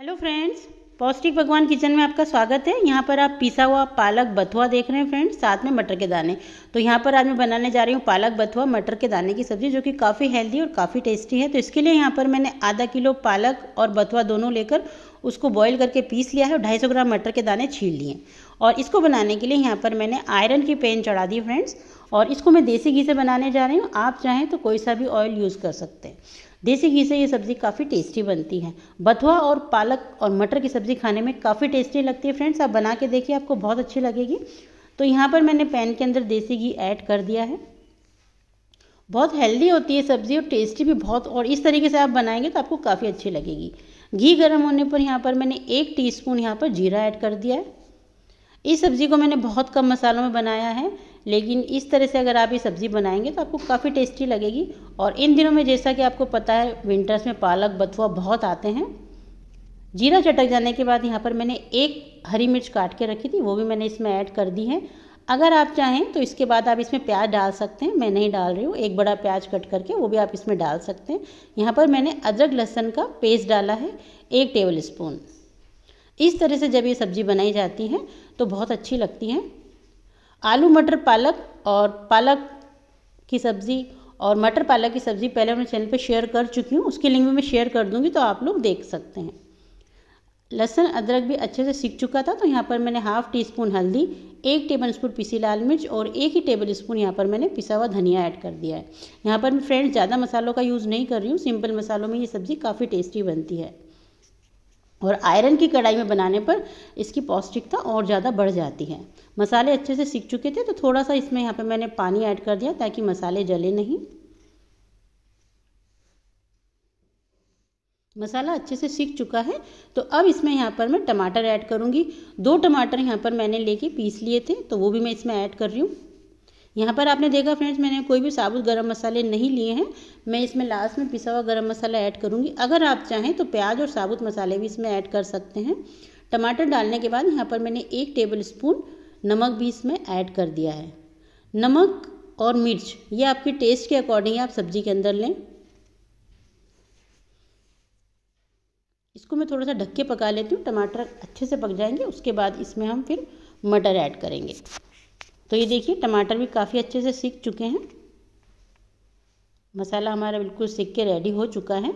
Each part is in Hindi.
हेलो फ्रेंड्स पौष्टिक भगवान किचन में आपका स्वागत है यहाँ पर आप पिसा हुआ पालक बथुआ देख रहे हैं फ्रेंड्स साथ में मटर के दाने तो यहाँ पर आज मैं बनाने जा रही हूँ पालक बथुआ मटर के दाने की सब्ज़ी जो कि काफ़ी हेल्दी और काफ़ी टेस्टी है तो इसके लिए यहाँ पर मैंने आधा किलो पालक और बथुआ दोनों लेकर उसको बॉईल करके पीस लिया है और ढाई ग्राम मटर के दाने छील लिए और इसको बनाने के लिए यहाँ पर मैंने आयरन की पेन चढ़ा दी फ्रेंड्स और इसको मैं देसी घी से बनाने जा रही हूँ आप चाहें तो कोई सा भी ऑयल यूज़ कर सकते हैं देसी घी से ये सब्ज़ी काफ़ी टेस्टी बनती है बथुआ और पालक और मटर की सब्ज़ी खाने में काफ़ी टेस्टी लगती है फ्रेंड्स आप बना के देखिए आपको बहुत अच्छी लगेगी तो यहाँ पर मैंने पैन के अंदर देसी घी ऐड कर दिया है बहुत हेल्दी होती है सब्ज़ी और टेस्टी भी बहुत और इस तरीके से आप बनाएंगे तो आपको काफ़ी अच्छी लगेगी घी गर्म होने पर यहाँ पर मैंने एक टीस्पून यहाँ पर जीरा ऐड कर दिया है इस सब्ज़ी को मैंने बहुत कम मसालों में बनाया है लेकिन इस तरह से अगर आप ये सब्ज़ी बनाएंगे तो आपको काफ़ी टेस्टी लगेगी और इन दिनों में जैसा कि आपको पता है विंटर्स में पालक बथुआ बहुत आते हैं जीरा चटक जाने के बाद यहाँ पर मैंने एक हरी मिर्च काट के रखी थी वो भी मैंने इसमें ऐड कर दी है अगर आप चाहें तो इसके बाद आप इसमें प्याज डाल सकते हैं मैं नहीं डाल रही हूँ एक बड़ा प्याज कट करके वो भी आप इसमें डाल सकते हैं यहाँ पर मैंने अदरक लहसन का पेस्ट डाला है एक टेबल स्पून इस तरह से जब ये सब्ज़ी बनाई जाती है तो बहुत अच्छी लगती है आलू मटर पालक और पालक की सब्ज़ी और मटर पालक की सब्ज़ी पहले मैं चैनल पे शेयर कर चुकी हूँ उसके लिंक भी मैं शेयर कर दूँगी तो आप लोग देख सकते हैं लहसुन अदरक भी अच्छे से सीख चुका था तो यहाँ पर मैंने हाफ़ टी स्पून हल्दी एक टेबल स्पून पीसी लाल मिर्च और एक ही टेबल स्पून यहाँ पर मैंने पिसा हुआ धनिया ऐड कर दिया है यहाँ पर मैं फ्रेंड्स ज़्यादा मसालों का यूज़ नहीं कर रही हूँ सिंपल मसालों में ये सब्ज़ी काफ़ी टेस्टी बनती है और आयरन की कढ़ाई में बनाने पर इसकी पौष्टिकता और ज़्यादा बढ़ जाती है मसाले अच्छे से सीख चुके थे तो थोड़ा सा इसमें यहाँ पे मैंने पानी ऐड कर दिया ताकि मसाले जले नहीं मसाला अच्छे से सीख चुका है तो अब इसमें यहाँ पर मैं टमाटर ऐड करूँगी दो टमाटर यहाँ पर मैंने लेके पीस लिए थे तो वो भी मैं इसमें ऐड कर रही हूँ यहाँ पर आपने देखा फ्रेंड्स मैंने कोई भी साबुत गरम मसाले नहीं लिए हैं मैं इसमें लास्ट में पिसा हुआ गरम मसाला ऐड करूँगी अगर आप चाहें तो प्याज और साबुत मसाले भी इसमें ऐड कर सकते हैं टमाटर डालने के बाद यहाँ पर मैंने एक टेबल स्पून नमक भी इसमें ऐड कर दिया है नमक और मिर्च ये आपके टेस्ट के अकॉर्डिंग आप सब्जी के अंदर लें इसको मैं थोड़ा सा ढक के पका लेती हूँ टमाटर अच्छे से पक जाएंगे उसके बाद इसमें हम फिर मटर ऐड करेंगे तो ये देखिए टमाटर भी काफ़ी अच्छे से सीख चुके हैं मसाला हमारा बिल्कुल सीख के रेडी हो चुका है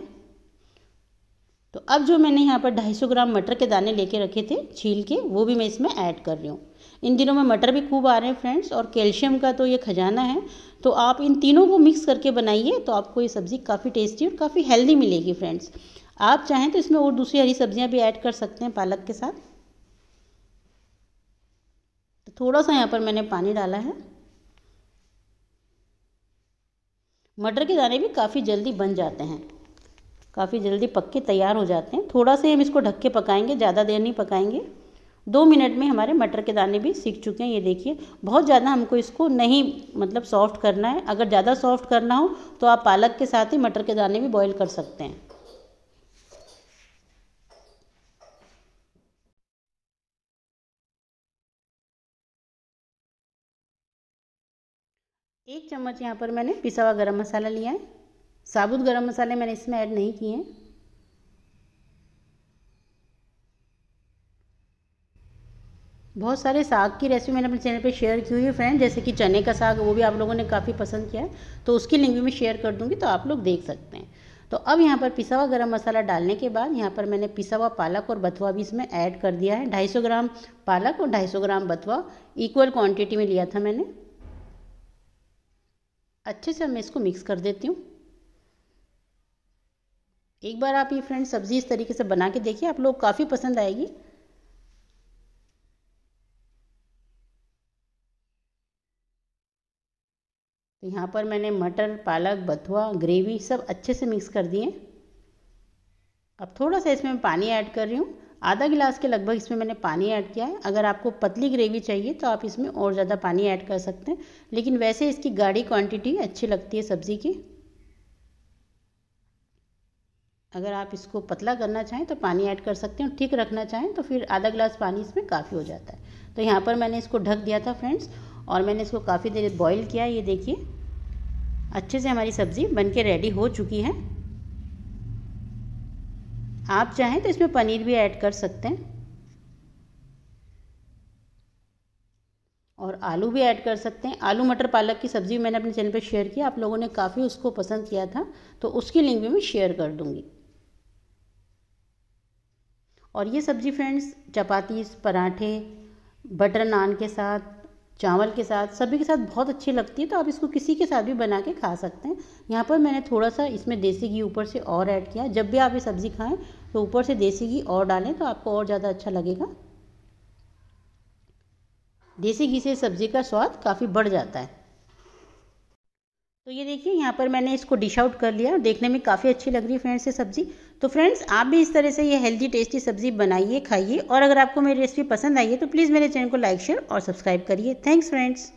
तो अब जो मैंने यहाँ पर 250 ग्राम मटर के दाने लेके रखे थे छील के वो भी मैं इसमें ऐड कर रही हूँ इन दिनों में मटर भी खूब आ रहे हैं फ्रेंड्स और कैल्शियम का तो ये खजाना है तो आप इन तीनों को मिक्स करके बनाइए तो आपको ये सब्ज़ी काफ़ी टेस्टी और काफ़ी हेल्दी मिलेगी फ्रेंड्स आप चाहें तो इसमें और दूसरी हरी सब्जियाँ भी ऐड कर सकते हैं पालक के साथ तो थोड़ा सा यहाँ पर मैंने पानी डाला है मटर के दाने भी काफ़ी जल्दी बन जाते हैं काफ़ी जल्दी पक के तैयार हो जाते हैं थोड़ा सा हम इसको ढक के पकाएंगे ज़्यादा देर नहीं पकाएंगे दो मिनट में हमारे मटर के दाने भी सीख चुके हैं ये देखिए बहुत ज़्यादा हमको इसको नहीं मतलब सॉफ्ट करना है अगर ज़्यादा सॉफ्ट करना हो तो आप पालक के साथ ही मटर के दाने भी बॉईल कर सकते हैं एक चम्मच यहाँ पर मैंने पिसा हुआ गरम मसाला लिया है साबुत गरम मसाले मैंने इसमें ऐड नहीं किए हैं बहुत सारे साग की रेसिपी मैंने अपने चैनल पे शेयर की हुई है फ्रेंड जैसे कि चने का साग वो भी आप लोगों ने काफ़ी पसंद किया है तो उसकी लिंक भी मैं शेयर कर दूंगी तो आप लोग देख सकते हैं तो अब यहाँ पर पिसा हुआ गरम मसाला डालने के बाद यहाँ पर मैंने पिसा हुआ पालक और बथुआ भी इसमें ऐड कर दिया है 250 ग्राम पालक और 250 ग्राम बथुआ इक्वल क्वांटिटी में लिया था मैंने अच्छे से मैं इसको मिक्स कर देती हूँ एक बार आप ये फ्रेंड सब्ज़ी इस तरीके से बना के देखिए आप लोग काफ़ी पसंद आएगी तो यहाँ पर मैंने मटर पालक बथुआ ग्रेवी सब अच्छे से मिक्स कर दिए अब थोड़ा सा इसमें पानी ऐड कर रही हूँ आधा गिलास के लगभग इसमें मैंने पानी ऐड किया है अगर आपको पतली ग्रेवी चाहिए तो आप इसमें और ज़्यादा पानी ऐड कर सकते हैं लेकिन वैसे इसकी गाढ़ी क्वांटिटी अच्छी लगती है सब्ज़ी की अगर आप इसको पतला करना चाहें तो पानी ऐड कर सकते हैं ठीक रखना चाहें तो फिर आधा गिलास पानी इसमें काफ़ी हो जाता है तो यहाँ पर मैंने इसको ढक दिया था फ्रेंड्स और मैंने इसको काफ़ी देर बॉईल किया ये देखिए अच्छे से हमारी सब्ज़ी बनके रेडी हो चुकी है आप चाहें तो इसमें पनीर भी ऐड कर सकते हैं और आलू भी ऐड कर सकते हैं आलू मटर पालक की सब्ज़ी मैंने अपने चैनल पर शेयर किया आप लोगों ने काफ़ी उसको पसंद किया था तो उसकी लिंक भी मैं शेयर कर दूँगी और ये सब्ज़ी फ्रेंड्स चपाती पराठे बटर नान के साथ चावल के साथ सभी के साथ बहुत अच्छी लगती है तो आप इसको किसी के साथ भी बना के खा सकते हैं यहाँ पर मैंने थोड़ा सा इसमें देसी घी ऊपर से और ऐड किया जब भी आप ये सब्ज़ी खाएं तो ऊपर से देसी घी और डालें तो आपको और ज़्यादा अच्छा लगेगा देसी घी से सब्ज़ी का स्वाद काफ़ी बढ़ जाता है तो ये देखिए यहाँ पर मैंने इसको डिश आउट कर लिया देखने में काफ़ी अच्छी लग रही है फ्रेंड्स ये सब्ज़ी तो फ्रेंड्स आप भी इस तरह से ये हेल्दी टेस्टी सब्ज़ी बनाइए खाइए और अगर आपको मेरी रेसिपी पसंद आई है तो प्लीज़ मेरे चैनल को लाइक शेयर और सब्सक्राइब करिए थैंक्स फ्रेंड्स